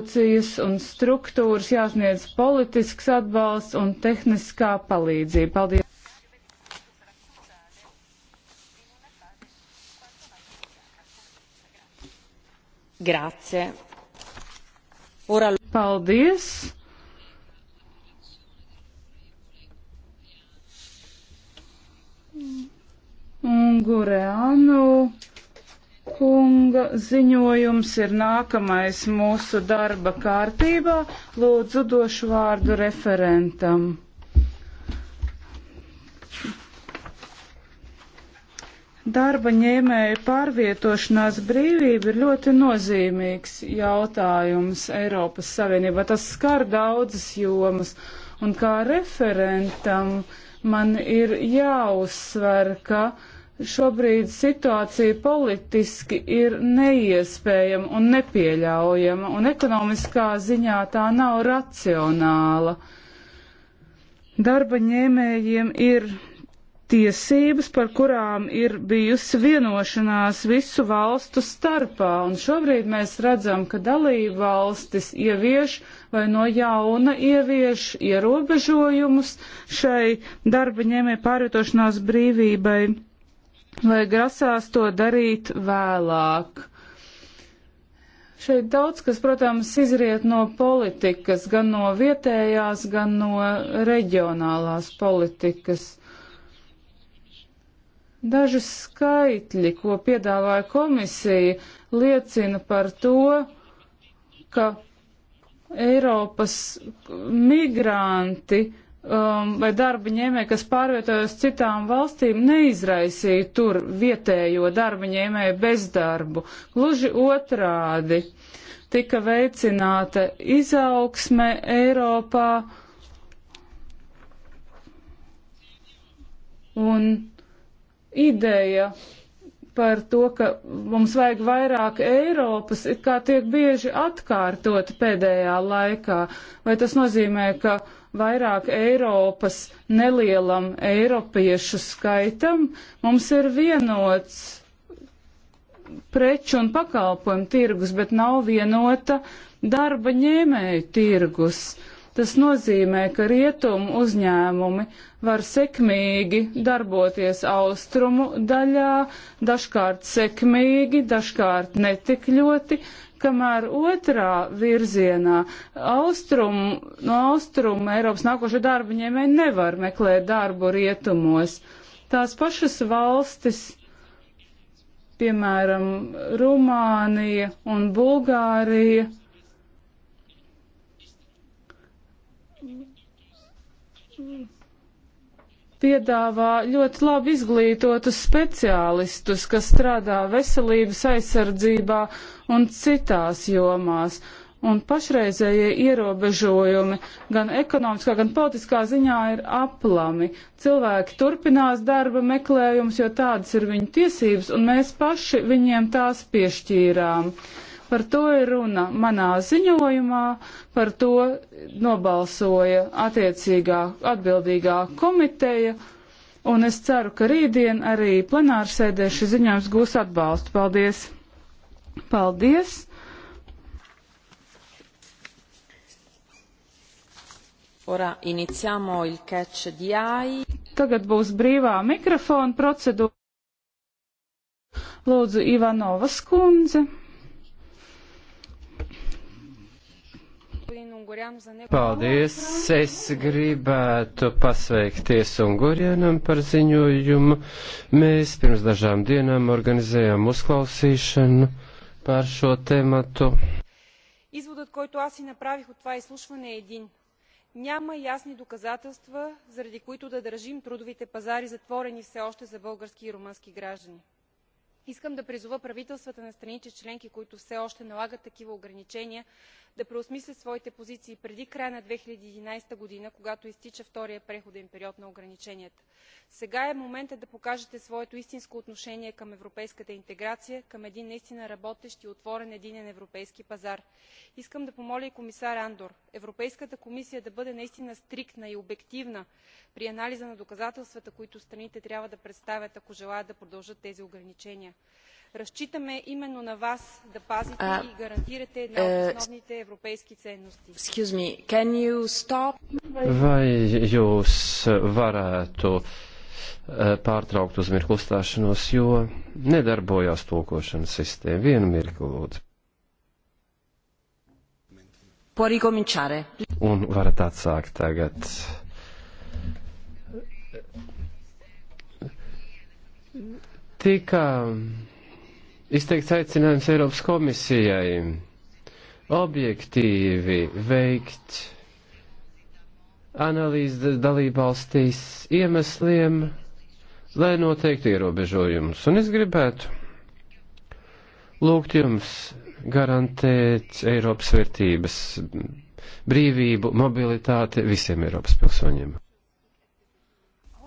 institūcijas un struktūras jāsniedz politisks atbalsts un tehniskā palīdzība. Paldies! Grazie. Ora... Paldies! Un Gureanu kunga ziņojums ir nākamais mūsu darba kārtībā. Lūdzu, došu vārdu referentam. Darba ņēmēja pārvietošanās brīvība ir ļoti nozīmīgs jautājums Eiropas Savienībā. Tas skar daudzas jomas. Un kā referentam man ir jāuzsver, ka uh, Šobrīd situācija politiski ir neiespējama un nepieļaujama, un ekonomiskā ziņā tā nav racionāla. Darba ņēmējiem ir tiesības, par kurām ir bijusi vienošanās visu valstu starpā, un šobrīd mēs redzam, ka dalība valstis ievieš vai no jauna ievieš ierobežojumus šai darba ņēmē pārvietošanās brīvībai vai grasās to darīt vēlāk. Šeit daudz kas, protams, izriet no politikas, gan no vietējās, gan no reģionālās politikas. Daži skaitļi, ko piedāvāja komisija, liecina par to, ka Eiropas migranti um, vai darba ņēmēji, kas pārvietojas citām valstīm, neizraisīja tur vietējo darba ņēmēju bezdarbu. Gluži otrādi tika veicināta izaugsme Eiropā un ideja par to, ka mums vajag vairāk Eiropas, kā tiek bieži atkārtot pēdējā laikā. Vai tas nozīmē, ka vairāk Eiropas nelielam eiropiešu skaitam mums ir vienots preču un pakalpojumu tirgus, bet nav vienota darba ņēmēju tirgus. Uh, Tas nozīmē, ka rietumu uzņēmumi var sekmīgi darboties austrumu daļā, dažkārt sekmīgi, dažkārt netik ļoti, kamēr otrā virzienā austrumu, no austrumu Eiropas nākošie darba ņēmēji nevar meklēt darbu rietumos. Tās pašas valstis piemēram, Rumānija un Bulgārija piedāvā ļoti labi izglītotus speciālistus, kas strādā veselības aizsardzībā un citās jomās. Un pašreizējie ierobežojumi gan ekonomiskā, gan politiskā ziņā ir aplami. Cilvēki turpinās darba meklējumus, jo tādas ir viņu tiesības, un mēs paši viņiem tās piešķīrām. Uh, Par to ir runa manā ziņojumā, par to nobalsoja attiecīgā atbildīgā komiteja, un es ceru, ka rītdien arī plenārsēdē šis ziņojums gūs atbalstu. Paldies! Paldies! Ora iniziamo il catch di AI. Tagad būs brīvā mikrofona procedūra. Lūdzu, Ivanovas kundze. Paldies! Es gribētu pasveikties Ungurienam par ziņojumu. Mēs pirms dažām dienām organizējām uzklausīšanu par šo tematu. Изводът, който аз си направих от това изслушване е един. Няма ясни доказателства, заради които да държим трудовите пазари затворени все още за български и румънски граждани искам да призова правителствата на страните членки които все още налагат такива ограничения да преосмислят своите позиции преди края на две хиляди и единадесета година когато изтича вторият преходен период на ограниченията. сега е моментът да покажете своето истинско отношение към европейската интеграция към един наистина работещ и отворен единен европейски пазар. искам да помоля и комисар андор европейската комисия да бъде наистина стриктна и обективна при анализа на доказателствата които страните трябва да представят ако желаят да продължат тези ограничения. Разчитаме именно на вас да пазите uh, и гарантирате една от основните европейски ценности. Excuse me, can you stop? Vai jūs varētu pārtraukt uz mirklu stāšanos, jo nedarbojās tulkošanas sistēma. Vienu mirkli lūdzu. Un varat atsākt tagad. Tika izteikts aicinājums Eiropas komisijai objektīvi veikt analīzes dalībvalstīs iemesliem, lai noteiktu ierobežojumus. Un es gribētu lūgt jums garantēt Eiropas vērtības, brīvību, mobilitāti visiem Eiropas pilsoņiem.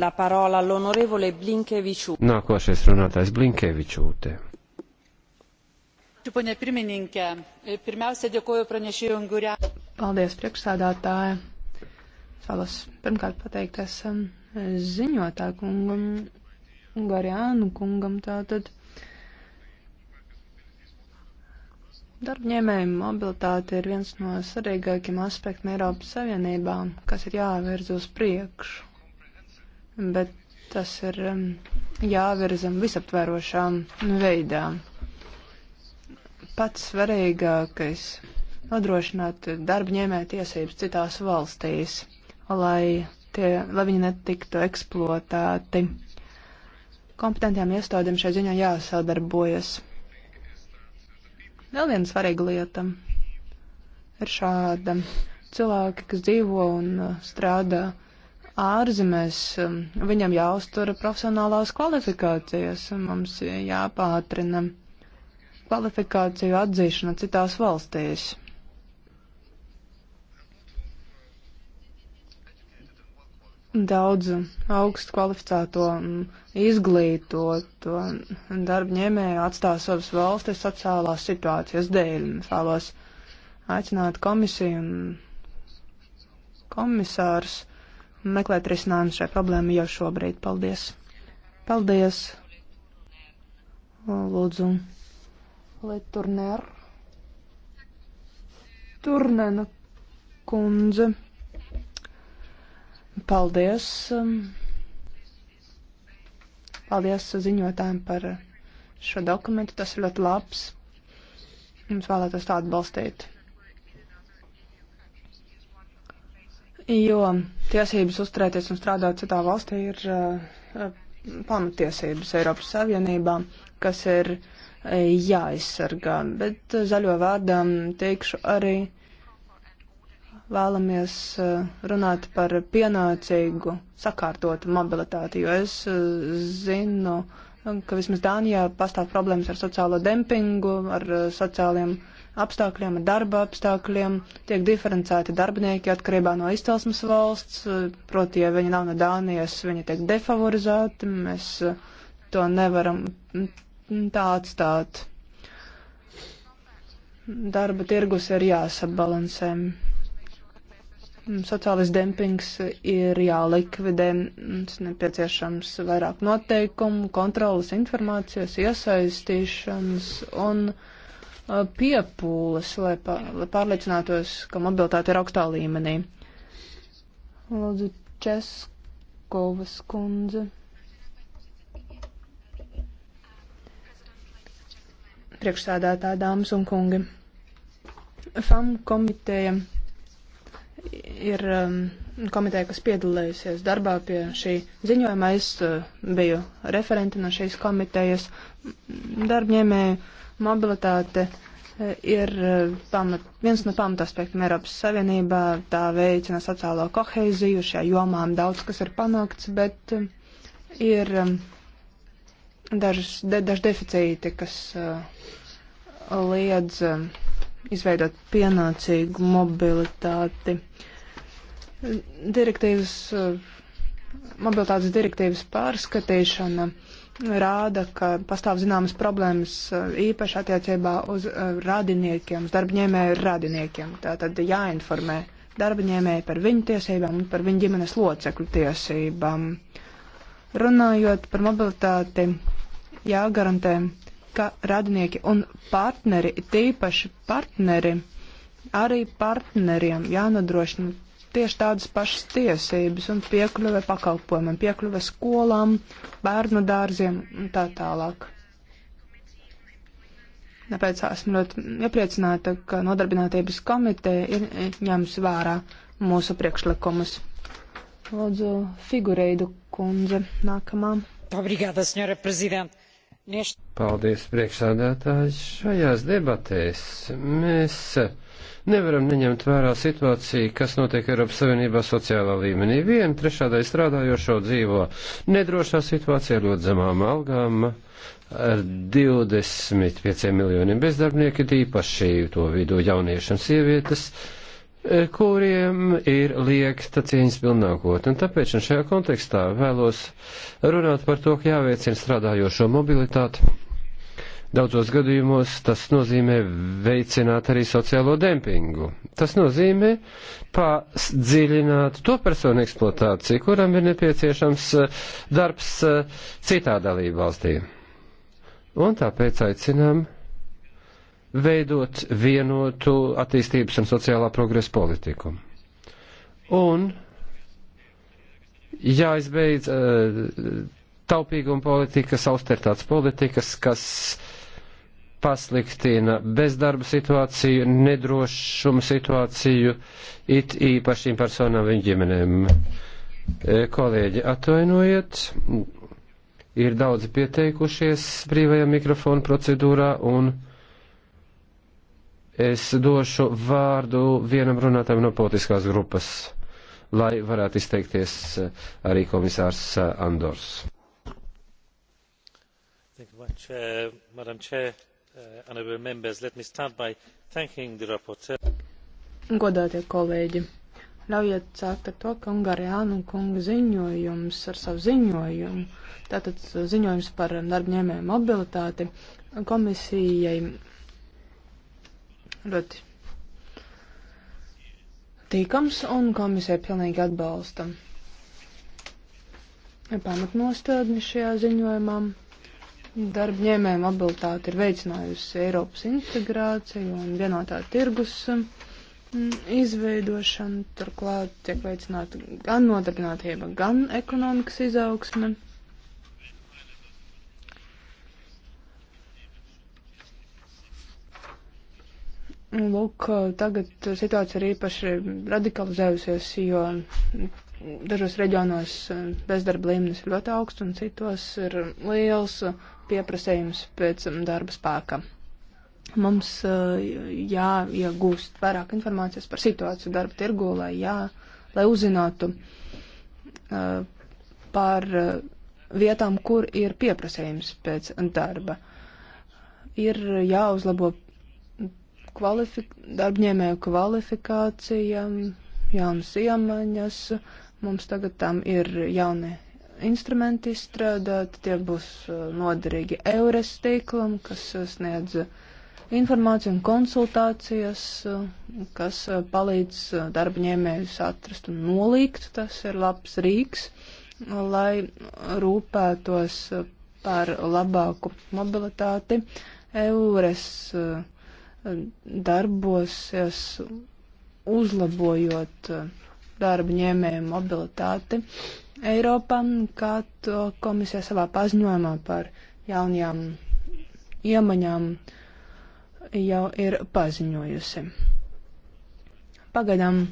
La parola all'onorevole Blinkevičiūtė. Nākošais runātājs Blinkevičiūtė. Pone pirmininkė, pirmiausia dėkoju pranešėjų Ungurė. Paldies, priekšsādātāja. Es vēlos pirmkārt pateikties um, ziņotā kungam, Ungariānu kungam tātad. Darbņēmēju mobilitāte ir viens no svarīgākiem aspektiem Eiropas Savienībā, kas ir jāvirz uz priekšu bet tas ir um, jāvirza visaptvērošā veidā. Pats svarīgākais - nodrošināt darbņēmē tiesības citās valstīs, lai, tie, lai viņi netiktu eksploatēti. Kompetentiem iestādēm šai ziņā jāsadarbojas. Vēl viena svarīga lieta ir šāda. Cilvēki, kas dzīvo un uh, strādā uh, ārzemēs, um, viņam jāuztur profesionālās kvalifikācijas, mums jāpātrina kvalifikāciju atzīšana citās valstīs. Daudz augstu kvalificēto, um, izglītoto darbņēmēju atstās savas valstis sociālās situācijas dēļ. Es vēlos aicināt komisiju un komisārus meklēt risinājumu šai problēmai jau šobrīd. Paldies! Paldies! Lūdzu! Lai turner! Turnena kundze! Paldies! Paldies ziņotājiem par šo dokumentu. Tas ir ļoti labs. Mums vēlētos tādu balstīt jo tiesības uzturēties un strādāt citā valstī ir uh, pamatiesības Eiropas Savienībā, kas ir uh, eh, jāizsargā. Bet zaļo vārdām teikšu arī vēlamies uh, runāt par pienācīgu, sakārtotu mobilitāti, jo es zinu, ka vismaz Dānijā pastāv problēmas ar sociālo dempingu, ar sociāliem uh, apstākļiem, darba apstākļiem, tiek diferencēti darbinieki atkarībā no izcelsmes valsts, proti, ja viņi nav no Dānijas, viņi tiek defavorizēti, mēs eh, to nevaram tā atstāt. Darba tirgus ir jāsabalansē. Sociālais dempings ir jālikvidē, mums nepieciešams vairāk noteikumu, kontrolas, informācijas, iesaistīšanas un uh, Uh, piepūles, lai pārliecinātos, ka mobilitāte ir augstā līmenī. Lūdzu, Českovas kundze. Priekšsādātā dāmas un kungi. FAM komiteja ir um, komiteja, kas piedalījusies darbā pie šī ziņojuma. Es uh, biju referenti no šīs komitejas. Darbņēmēju mobilitāte uh, ir uh, pamat, viens no pamataspektiem Eiropas Savienībā. Tā veicina sociālo koheiziju. Šajā jomā daudz kas ir panākts, bet uh, ir um, dažas, de, daži deficīti, kas uh, liedz. Uh, izveidot pienācīgu mobilitāti. Direktīvas, mobilitātes direktīvas pārskatīšana rāda, ka pastāv zināmas problēmas īpaši attiecībā uz eh, radiniekiem, uz darbņēmēju radiniekiem. Tātad jāinformē darbaņēmēji par viņu tiesībām un par viņu ģimenes locekļu tiesībām. Runājot par mobilitāti, jāgarantē ka radinieki un partneri, tīpaši partneri, arī partneriem jānodrošina tieši tādas pašas tiesības un piekļuve pakalpojumiem, piekļuve skolām, bērnu dārziem un tā tālāk. Tāpēc esmu ļoti iepriecināta, ka Nodarbinātības komiteja ir ņems vērā mūsu priekšlikumus. Lūdzu, figureidu kundze nākamā. Obrigada, senjora prezidenta. Paldies, priekšsādātājs. Šajās debatēs mēs nevaram neņemt vērā situāciju, kas notiek Eiropas Savienībā sociālā līmenī. Viena trešādai strādājošo dzīvo nedrošā situācijā ļoti zemām algām ar 25 miljoniem bezdarbnieku, tīpaši to vidū jaunieši un sievietes. E, kuriem ir liekta cieņas pilnākotne. Un tāpēc un šajā kontekstā vēlos runāt par to, ka jāveicina strādājošo mobilitāti. Daudzos gadījumos tas nozīmē veicināt arī sociālo dempingu. Tas nozīmē padziļināt to personu eksploatāciju, kuram ir nepieciešams e, darbs e, citā dalība valstī. Un tāpēc aicinām veidot vienotu attīstības un sociālā progresa politiku. Un jāizbeidz eh, taupīguma politikas, austertāts politikas, kas pasliktina bezdarba situāciju, nedrošuma situāciju, it īpašīm personām viņu ģimenēm. Eh, kolēģi, atvainojiet, ir daudzi pieteikušies brīvajā mikrofona procedūrā un. Es došu vārdu vienam runātājam no politiskās grupas, lai varētu izteikties eh, arī komisārs eh, Andors. Much, uh, Madam Chair, uh, honourable members, let me start by thanking the rapporteur. Godātie kolēģi, ļaujiet sākt ar to, ka Ungariānu kunga ziņojums ar savu ziņojumu, tātad ziņojums par darbņēmēju mobilitāti, komisijai ļoti tīkams un komisija pilnīgi atbalsta pamatnostādni šajā ziņojumā. Darba ņēmējiem mobilitāte ir veicinājusi Eiropas integrāciju un vienotā tirgus mm, izveidošanu. Turklāt tiek veicināta gan nodarbinātība, gan ekonomikas izaugsme. Lūk, tagad situācija ir īpaši radikalizējusies, jo dažos reģionos bezdarba līmenis ir ļoti augsts un citos ir liels pieprasējums pēc darba spēka. Mums eh, jāiegūst vairāk informācijas par situāciju darba tirgu, lai, jā, lai uzzinātu eh, par eh, vietām, kur ir pieprasējums pēc darba. Ir jāuzlabo kvalifi darbņēmēju kvalifikācija, jaunas iemaņas. Mums tagad tam ir jauni instrumenti izstrādāti, tie būs uh, noderīgi Eures tīklam, kas uh, sniedz uh, informāciju un konsultācijas, kas palīdz darbņēmējus atrast un nolīgt. Tas ir labs rīks, lai rūpētos par labāku mobilitāti. Eures uh, darbosies uzlabojot eh, darba ņēmēju mobilitāti Eiropā, kā to komisija savā paziņojumā par jaunajām iemaņām jau ir paziņojusi. Pagaidām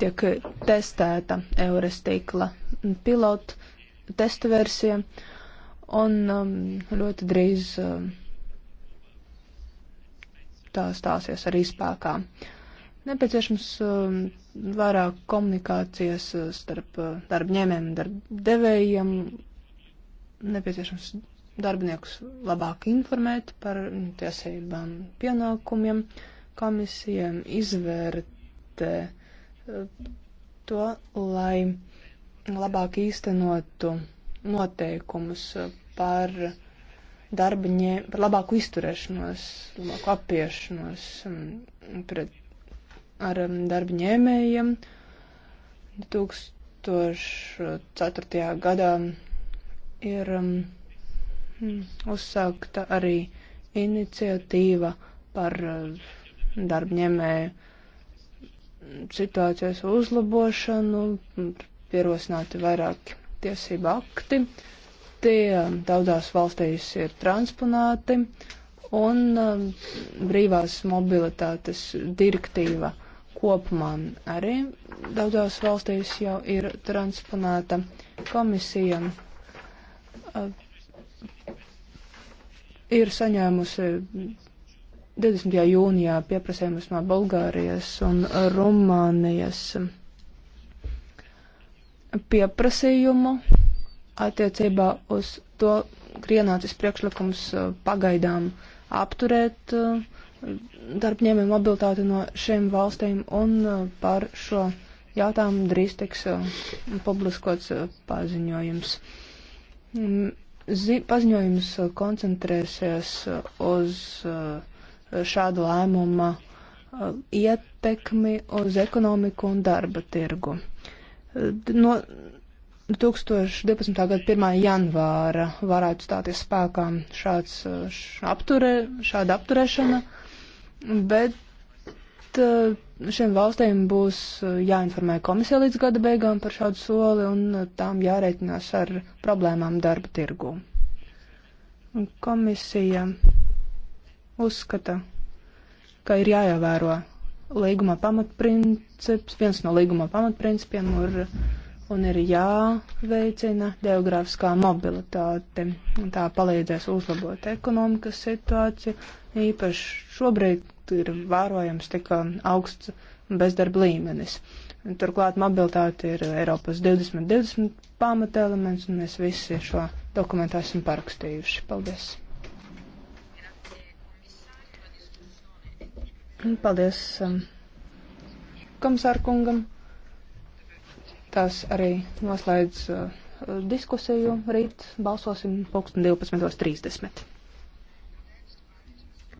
tiek testēta Eures tīkla pilotu testu versija, un um, ļoti drīz um, tā stāsies arī spēkā. Nepieciešams um, vairāk komunikācijas uh, starp uh, darbņēmējiem un darbdevējiem, nepieciešams darbiniekus labāk informēt par tiesībām, pienākumiem, komisijiem izvērtē uh, to, lai labāk īstenotu noteikumus par darba ņēmēju, par labāku izturēšanos, labāku apiešanos um, pret, ar um, darba ņēmējiem. 2004. gadā ir um, uzsākta arī iniciatīva par uh, darba ņēmēju situācijas uzlabošanu, pierosināti vairāki tiesība akti. Uh, akti um, daudzās valstīs ir transponēti, un um, brīvās mobilitātes direktīva kopumā arī daudzās valstīs jau ir transponēta. Komisija uh, ir saņēmusi 20. jūnijā pieprasījumus no Bulgārijas un Rumānijas pieprasījumu attiecībā uz to, ka ienācis priekšlikums uh, pagaidām apturēt uh, darbņēmēju mobilitāti no šiem valstīm un uh, par šo jautājumu drīz tiks publiskots paziņojums. Mm, zi paziņojums koncentrēsies uz šādu lēmumu ietekmi uz ekonomiku un darba tirgu. No, 2012. gada 1. janvāra varētu stāties spēkā šāds uh, apture, šāda apturēšana, bet uh, šiem valstīm būs uh, jāinformē komisija līdz gada beigām par šādu soli un tām jārēķinās ar problēmām darba tirgū. Komisija uzskata, ka ir jāievēro līguma pamatprincips, viens no līguma pamatprincipiem ir un ir jāveicina geogrāfiskā mobilitāte. Tā palīdzēs uzlabot ekonomikas situāciju, īpaši šobrīd ir vērojams tik um, augsts bezdarba līmenis. Turklāt mobilitāte ir Eiropas 2020 pamata elements, un mēs visi šo dokumentu esam parakstījuši. Paldies! Paldies um, komisārkungam! Tas arī noslēdz uh, diskusiju. Rīt balsosim pulksten 12.30.